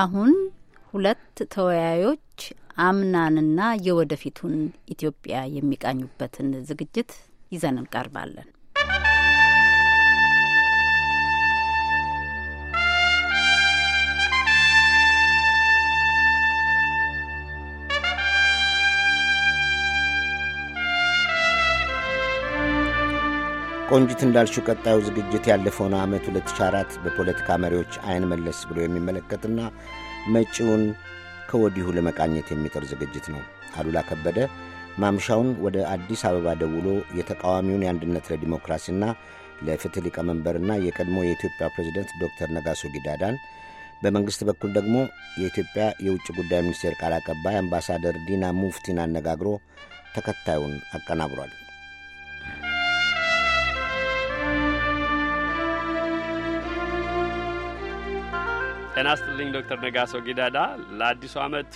አሁን ሁለት ተወያዮች አምናንና የወደፊቱን ኢትዮጵያ የሚቃኙበትን ዝግጅት ይዘን እንቀርባለን። ቆንጂት እንዳልሹ ቀጣዩ ዝግጅት ያለፈውን ዓመት 2004 በፖለቲካ መሪዎች አይን መለስ ብሎ የሚመለከትና መጪውን ከወዲሁ ለመቃኘት የሚጥር ዝግጅት ነው። አሉላ ከበደ ማምሻውን ወደ አዲስ አበባ ደውሎ የተቃዋሚውን የአንድነት ለዲሞክራሲና ለፍትህ ሊቀመንበርና የቀድሞ የኢትዮጵያ ፕሬዝደንት ዶክተር ነጋሶ ጊዳዳን በመንግሥት በኩል ደግሞ የኢትዮጵያ የውጭ ጉዳይ ሚኒስቴር ቃል አቀባይ አምባሳደር ዲና ሙፍቲን አነጋግሮ ተከታዩን አቀናብሯል። ጤና ይስጥልኝ ዶክተር ነጋሶ ጊዳዳ ለአዲሱ ዓመት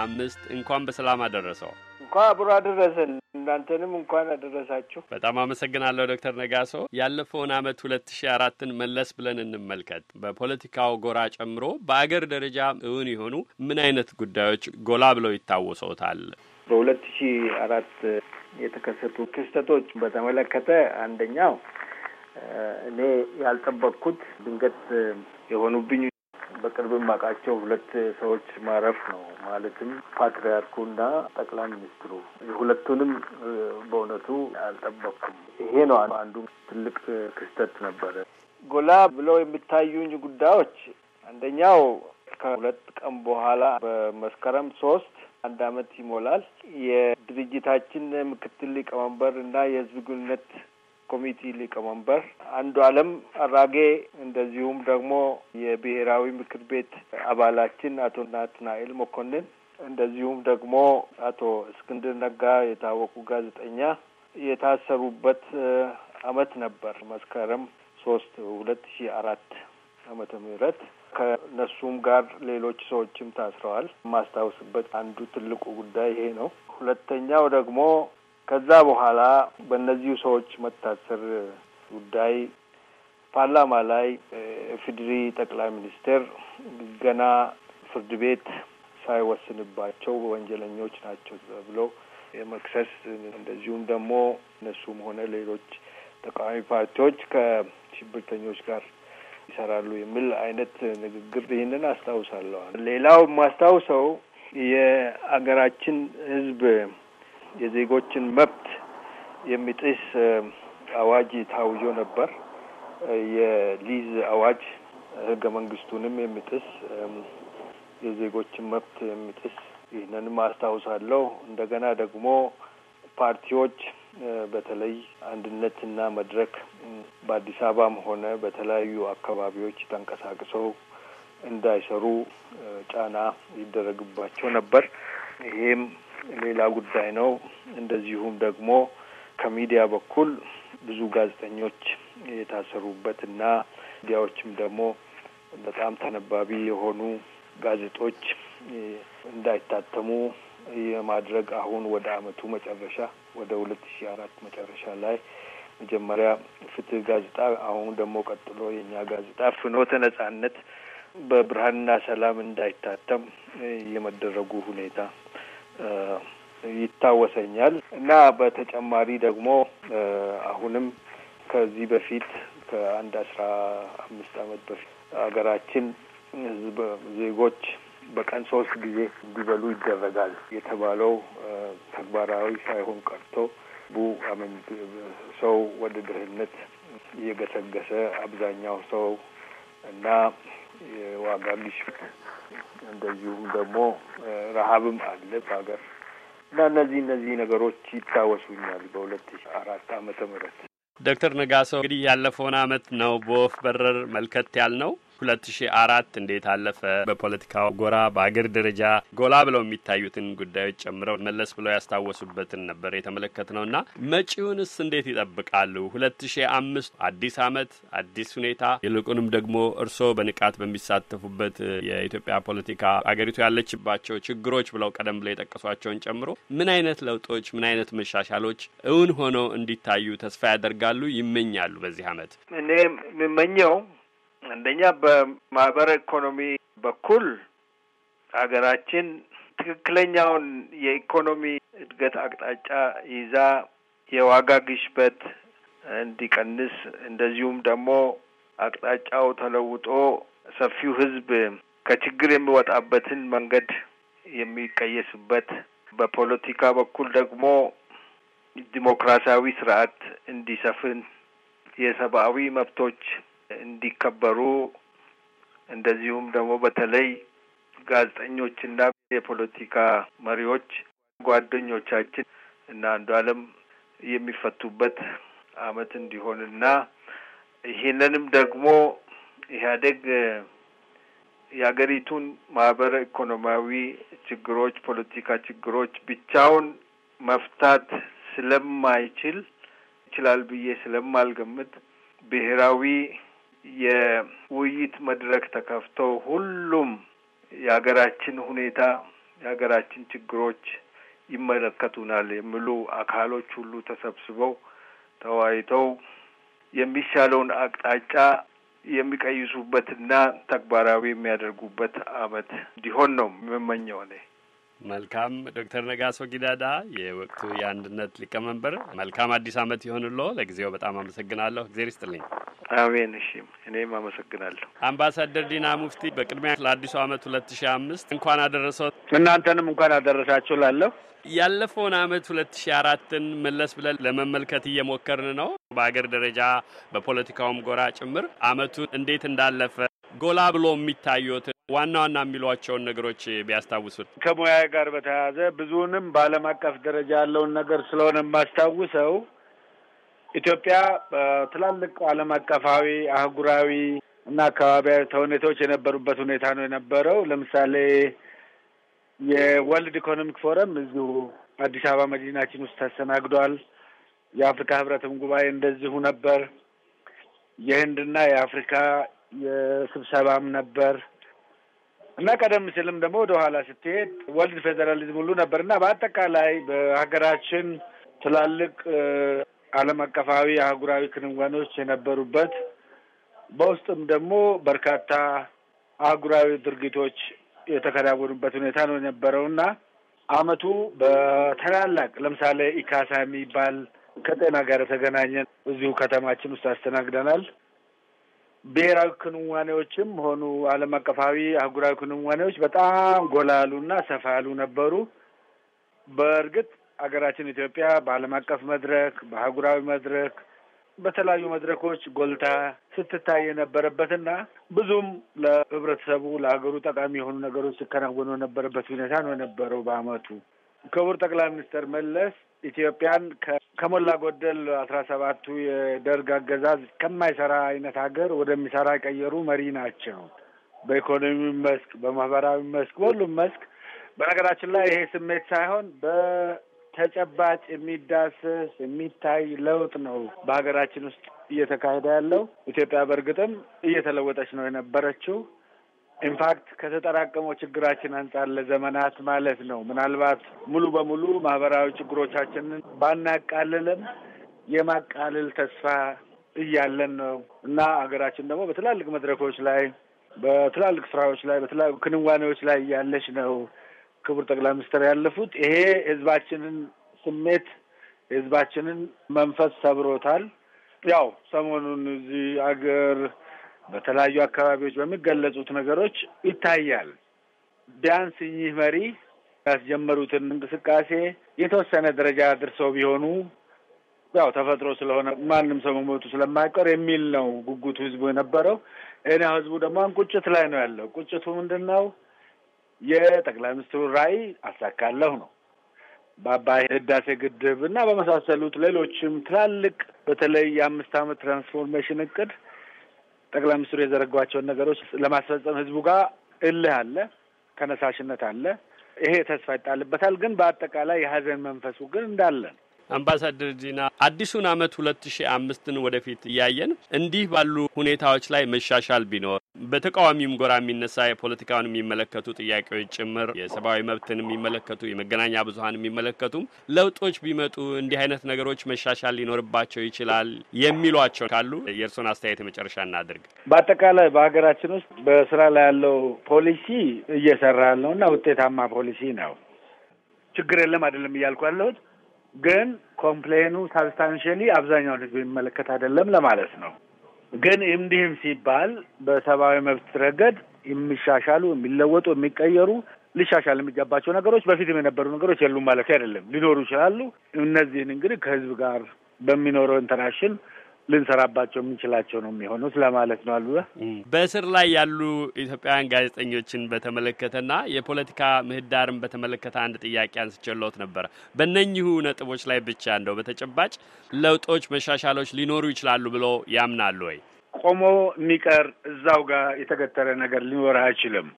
አምስት እንኳን በሰላም አደረሰው። እንኳን አብሮ አደረሰን። እናንተንም እንኳን አደረሳችሁ። በጣም አመሰግናለሁ ዶክተር ነጋሶ። ያለፈውን ዓመት ሁለት ሺ አራትን መለስ ብለን እንመልከት። በፖለቲካው ጎራ ጨምሮ በአገር ደረጃ እውን የሆኑ ምን አይነት ጉዳዮች ጎላ ብለው ይታወሰውታል? በሁለት ሺ አራት የተከሰቱ ክስተቶች በተመለከተ አንደኛው እኔ ያልጠበቅኩት ድንገት የሆኑብኝ በቅርብ ማቃቸው ሁለት ሰዎች ማረፍ ነው። ማለትም ፓትርያርኩና ጠቅላይ ሚኒስትሩ። ሁለቱንም በእውነቱ አልጠበቅኩም። ይሄ ነው አንዱ ትልቅ ክስተት ነበረ። ጎላ ብለው የሚታዩኝ ጉዳዮች አንደኛው ከሁለት ቀን በኋላ በመስከረም ሶስት አንድ አመት ይሞላል። የድርጅታችን ምክትል ሊቀመንበር እና የህዝብ ግንኙነት ኮሚቴ ሊቀመንበር አንዱ አለም አራጌ እንደዚሁም ደግሞ የብሔራዊ ምክር ቤት አባላችን አቶ ናትናኤል መኮንን እንደዚሁም ደግሞ አቶ እስክንድር ነጋ የታወቁ ጋዜጠኛ የታሰሩበት አመት ነበር። መስከረም ሶስት ሁለት ሺ አራት አመተ ምህረት ከነሱም ጋር ሌሎች ሰዎችም ታስረዋል። የማስታውስበት አንዱ ትልቁ ጉዳይ ይሄ ነው። ሁለተኛው ደግሞ ከዛ በኋላ በእነዚሁ ሰዎች መታሰር ጉዳይ ፓርላማ ላይ ኢፌዴሪ ጠቅላይ ሚኒስቴር ገና ፍርድ ቤት ሳይወስንባቸው ወንጀለኞች ናቸው ተብሎ የመክሰስ እንደዚሁም ደግሞ እነሱም ሆነ ሌሎች ተቃዋሚ ፓርቲዎች ከሽብርተኞች ጋር ይሰራሉ የሚል አይነት ንግግር ይህንን አስታውሳለዋል። ሌላው የማስታውሰው የአገራችን ሕዝብ የዜጎችን መብት የሚጥስ አዋጅ ታውጆ ነበር። የሊዝ አዋጅ ህገ መንግስቱንም የሚጥስ የዜጎችን መብት የሚጥስ ይህንንም አስታውሳለሁ። እንደገና ደግሞ ፓርቲዎች በተለይ አንድነትና መድረክ በአዲስ አበባም ሆነ በተለያዩ አካባቢዎች ተንቀሳቅሰው እንዳይሰሩ ጫና ይደረግባቸው ነበር። ይሄም ሌላ ጉዳይ ነው። እንደዚሁም ደግሞ ከሚዲያ በኩል ብዙ ጋዜጠኞች የታሰሩበትና ሚዲያዎችም ደግሞ በጣም ተነባቢ የሆኑ ጋዜጦች እንዳይታተሙ የማድረግ አሁን ወደ አመቱ መጨረሻ ወደ ሁለት ሺ አራት መጨረሻ ላይ መጀመሪያ ፍትህ ጋዜጣ፣ አሁን ደግሞ ቀጥሎ የእኛ ጋዜጣ ፍኖተ ነጻነት በብርሃንና ሰላም እንዳይታተም የመደረጉ ሁኔታ ይታወሰኛል እና በተጨማሪ ደግሞ አሁንም ከዚህ በፊት ከአንድ አስራ አምስት አመት በፊት ሀገራችን ዜጎች በቀን ሶስት ጊዜ እንዲበሉ ይደረጋል የተባለው ተግባራዊ ሳይሆን ቀርቶ ቡ ሰው ወደ ድህነት እየገሰገሰ አብዛኛው ሰው እና የዋጋ ግሽበት እንደዚሁም ደግሞ ረሀብም አለ በሀገር እና እነዚህ እነዚህ ነገሮች ይታወሱኛል በሁለት ሺ አራት አመተ ምህረት ዶክተር ነጋሶ እንግዲህ ያለፈውን አመት ነው በወፍ በረር መልከት ነው። ሁለት ሺ አራት እንዴት አለፈ? በፖለቲካው ጎራ በአገር ደረጃ ጎላ ብለው የሚታዩትን ጉዳዮች ጨምረው መለስ ብለው ያስታወሱበትን ነበር የተመለከት ነውና መጪውንስ እንዴት ይጠብቃሉ? ሁለት ሺ አምስት አዲስ አመት፣ አዲስ ሁኔታ፣ ይልቁንም ደግሞ እርስዎ በንቃት በሚሳተፉበት የኢትዮጵያ ፖለቲካ አገሪቱ ያለችባቸው ችግሮች ብለው ቀደም ብለው የጠቀሷቸውን ጨምሮ ምን አይነት ለውጦች ምን አይነት መሻሻሎች እውን ሆነው እንዲታዩ ተስፋ ያደርጋሉ ይመኛሉ? በዚህ አመት እኔ የምመኘው አንደኛ በማህበረ ኢኮኖሚ በኩል ሀገራችን ትክክለኛውን የኢኮኖሚ እድገት አቅጣጫ ይዛ የዋጋ ግሽበት እንዲቀንስ እንደዚሁም ደግሞ አቅጣጫው ተለውጦ ሰፊው ሕዝብ ከችግር የሚወጣበትን መንገድ የሚቀየስበት በፖለቲካ በኩል ደግሞ ዲሞክራሲያዊ ስርዓት እንዲሰፍን የሰብአዊ መብቶች እንዲከበሩ እንደዚሁም ደግሞ በተለይ ጋዜጠኞችና የፖለቲካ መሪዎች ጓደኞቻችን እና አንዱ አለም የሚፈቱበት አመት እንዲሆንና ይህንንም ደግሞ ኢህአዴግ የሀገሪቱን ማህበረ ኢኮኖሚያዊ ችግሮች፣ ፖለቲካ ችግሮች ብቻውን መፍታት ስለማይችል ይችላል ብዬ ስለማልገምት ብሔራዊ የውይይት መድረክ ተከፍቶ ሁሉም የሀገራችን ሁኔታ የሀገራችን ችግሮች ይመለከቱናል የሚሉ አካሎች ሁሉ ተሰብስበው ተወያይተው የሚሻለውን አቅጣጫ የሚቀይሱበትና ተግባራዊ የሚያደርጉበት አመት እንዲሆን ነው የምመኘው እኔ። መልካም ዶክተር ነጋሶ ጊዳዳ የወቅቱ የአንድነት ሊቀመንበር፣ መልካም አዲስ አመት ይሆንሎ። ለጊዜው በጣም አመሰግናለሁ። እግዜር ይስጥልኝ። አሜን። እሺ፣ እኔም አመሰግናለሁ። አምባሳደር ዲና ሙፍቲ፣ በቅድሚያ ለአዲሱ አመት ሁለት ሺ አምስት እንኳን አደረሰው። እናንተንም እንኳን አደረሳችሁ ላለሁ ያለፈውን አመት ሁለት ሺ አራትን መለስ ብለን ለመመልከት እየሞከርን ነው። በአገር ደረጃ በፖለቲካውም ጎራ ጭምር አመቱ እንዴት እንዳለፈ ጎላ ብሎ የሚታዩት ዋና ዋና የሚሏቸውን ነገሮች ቢያስታውሱት። ከሙያ ጋር በተያያዘ ብዙውንም በዓለም አቀፍ ደረጃ ያለውን ነገር ስለሆነ የማስታውሰው ኢትዮጵያ በትላልቅ ዓለም አቀፋዊ አህጉራዊ እና አካባቢያዊ ተውኔቶች የነበሩበት ሁኔታ ነው የነበረው። ለምሳሌ የወርልድ ኢኮኖሚክ ፎረም እዚሁ አዲስ አበባ መዲናችን ውስጥ ተስተናግዷል። የአፍሪካ ህብረትም ጉባኤ እንደዚሁ ነበር። የህንድና የአፍሪካ የስብሰባም ነበር። እና ቀደም ሲልም ደግሞ ኋላ ስትሄድ ወልድ ፌዴራሊዝም ሁሉ ነበር እና በአጠቃላይ በሀገራችን ትላልቅ ዓለም አቀፋዊ አህጉራዊ ክንዋኔዎች የነበሩበት በውስጥም ደግሞ በርካታ አህጉራዊ ድርጊቶች የተከናወኑበት ሁኔታ ነው የነበረው እና አመቱ በታላላቅ ለምሳሌ ኢካሳ የሚባል ከጤና ጋር የተገናኘ እዚሁ ከተማችን ውስጥ አስተናግደናል። ብሔራዊ ክንዋኔዎችም ሆኑ ዓለም አቀፋዊ አህጉራዊ ክንዋኔዎች በጣም ጎላ ያሉና ሰፋ ያሉ ነበሩ። በእርግጥ ሀገራችን ኢትዮጵያ በዓለም አቀፍ መድረክ፣ በአህጉራዊ መድረክ፣ በተለያዩ መድረኮች ጎልታ ስትታይ የነበረበትና ብዙም ለህብረተሰቡ ለሀገሩ ጠቃሚ የሆኑ ነገሮች ሲከናወኑ የነበረበት ሁኔታ ነው የነበረው። በአመቱ ክቡር ጠቅላይ ሚኒስትር መለስ ኢትዮጵያን ከሞላ ጎደል አስራ ሰባቱ የደርግ አገዛዝ ከማይሰራ አይነት ሀገር ወደሚሰራ የቀየሩ መሪ ናቸው። በኢኮኖሚ መስክ፣ በማህበራዊ መስክ፣ በሁሉም መስክ። በነገራችን ላይ ይሄ ስሜት ሳይሆን በተጨባጭ የሚዳሰስ የሚታይ ለውጥ ነው በሀገራችን ውስጥ እየተካሄደ ያለው። ኢትዮጵያ በእርግጥም እየተለወጠች ነው የነበረችው። ኢንፋክት ከተጠራቀመው ችግራችን አንጻር ለዘመናት ማለት ነው ምናልባት ሙሉ በሙሉ ማህበራዊ ችግሮቻችንን ባናቃልልም የማቃለል ተስፋ እያለን ነው እና ሀገራችን ደግሞ በትላልቅ መድረኮች ላይ በትላልቅ ስራዎች ላይ በትላልቅ ክንዋኔዎች ላይ እያለች ነው ክቡር ጠቅላይ ሚኒስትር ያለፉት። ይሄ ህዝባችንን ስሜት የህዝባችንን መንፈስ ሰብሮታል። ያው ሰሞኑን እዚህ አገር በተለያዩ አካባቢዎች በሚገለጹት ነገሮች ይታያል። ቢያንስ እኚህ መሪ ያስጀመሩትን እንቅስቃሴ የተወሰነ ደረጃ አድርሰው ቢሆኑ ያው ተፈጥሮ ስለሆነ ማንም ሰው መሞቱ ስለማይቀር የሚል ነው ጉጉቱ ህዝቡ የነበረው። እኔ ህዝቡ ደግሞ ቁጭት ላይ ነው ያለው። ቁጭቱ ምንድን ነው? የጠቅላይ ሚኒስትሩ ራዕይ አሳካለሁ ነው። በአባይ ህዳሴ ግድብ እና በመሳሰሉት ሌሎችም ትላልቅ በተለይ የአምስት ዓመት ትራንስፎርሜሽን እቅድ ጠቅላይ ሚኒስትሩ የዘረጓቸውን ነገሮች ለማስፈጸም ህዝቡ ጋር እልህ አለ፣ ተነሳሽነት አለ። ይሄ ተስፋ ይጣልበታል። ግን በአጠቃላይ የሀዘን መንፈሱ ግን እንዳለ ነው። አምባሳደር ዲና አዲሱን ዓመት ሁለት ሺ አምስትን ወደፊት እያየን እንዲህ ባሉ ሁኔታዎች ላይ መሻሻል ቢኖር በተቃዋሚም ጎራ የሚነሳ የፖለቲካውን የሚመለከቱ ጥያቄዎች ጭምር የሰብአዊ መብትን የሚመለከቱ የመገናኛ ብዙሀን የሚመለከቱም ለውጦች ቢመጡ እንዲህ አይነት ነገሮች መሻሻል ሊኖርባቸው ይችላል የሚሏቸው ካሉ የእርስዎን አስተያየት መጨረሻ እናድርግ። በአጠቃላይ በሀገራችን ውስጥ በስራ ላይ ያለው ፖሊሲ እየሰራ ያለው እና ውጤታማ ፖሊሲ ነው። ችግር የለም አይደለም እያልኩ ያለሁት ግን ኮምፕሌኑ ሳብስታንሽሊ አብዛኛውን ህዝብ የሚመለከት አይደለም ለማለት ነው። ግን እንዲህም ሲባል በሰብአዊ መብት ረገድ የሚሻሻሉ የሚለወጡ፣ የሚቀየሩ ሊሻሻል የሚገባቸው ነገሮች በፊትም የነበሩ ነገሮች የሉም ማለት አይደለም። ሊኖሩ ይችላሉ። እነዚህን እንግዲህ ከህዝብ ጋር በሚኖረው ኢንተራክሽን ልንሰራባቸው የምንችላቸው ነው የሚሆኑት ለማለት ነው። አሉ በእስር ላይ ያሉ ኢትዮጵያውያን ጋዜጠኞችን በተመለከተና የፖለቲካ ምህዳርን በተመለከተ አንድ ጥያቄ አንስቼልዎት ነበረ። በእነኚሁ ነጥቦች ላይ ብቻ እንደው በተጨባጭ ለውጦች፣ መሻሻሎች ሊኖሩ ይችላሉ ብሎ ያምናሉ ወይ? ቆሞ የሚቀር እዛው ጋር የተገተረ ነገር ሊኖር አይችልም።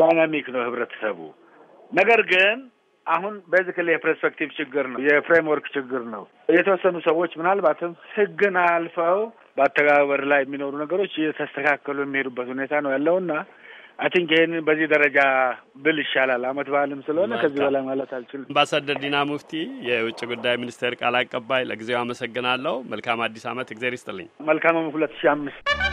ዳይናሚክ ነው ህብረተሰቡ። ነገር ግን አሁን ቤዚካሊ የፐርስፔክቲቭ ችግር ነው፣ የፍሬምወርክ ችግር ነው። የተወሰኑ ሰዎች ምናልባትም ህግን አልፈው በአተገባበር ላይ የሚኖሩ ነገሮች እየተስተካከሉ የሚሄዱበት ሁኔታ ነው ያለውና አይ ቲንክ በዚህ ደረጃ ብል ይሻላል። አመት በዓልም ስለሆነ ከዚህ በላይ ማለት አልችልም። አምባሳደር ዲና ሙፍቲ የውጭ ጉዳይ ሚኒስቴር ቃል አቀባይ፣ ለጊዜው አመሰግናለሁ። መልካም አዲስ አመት። እግዜር ይስጥልኝ። መልካም ሁለት ሺ አምስት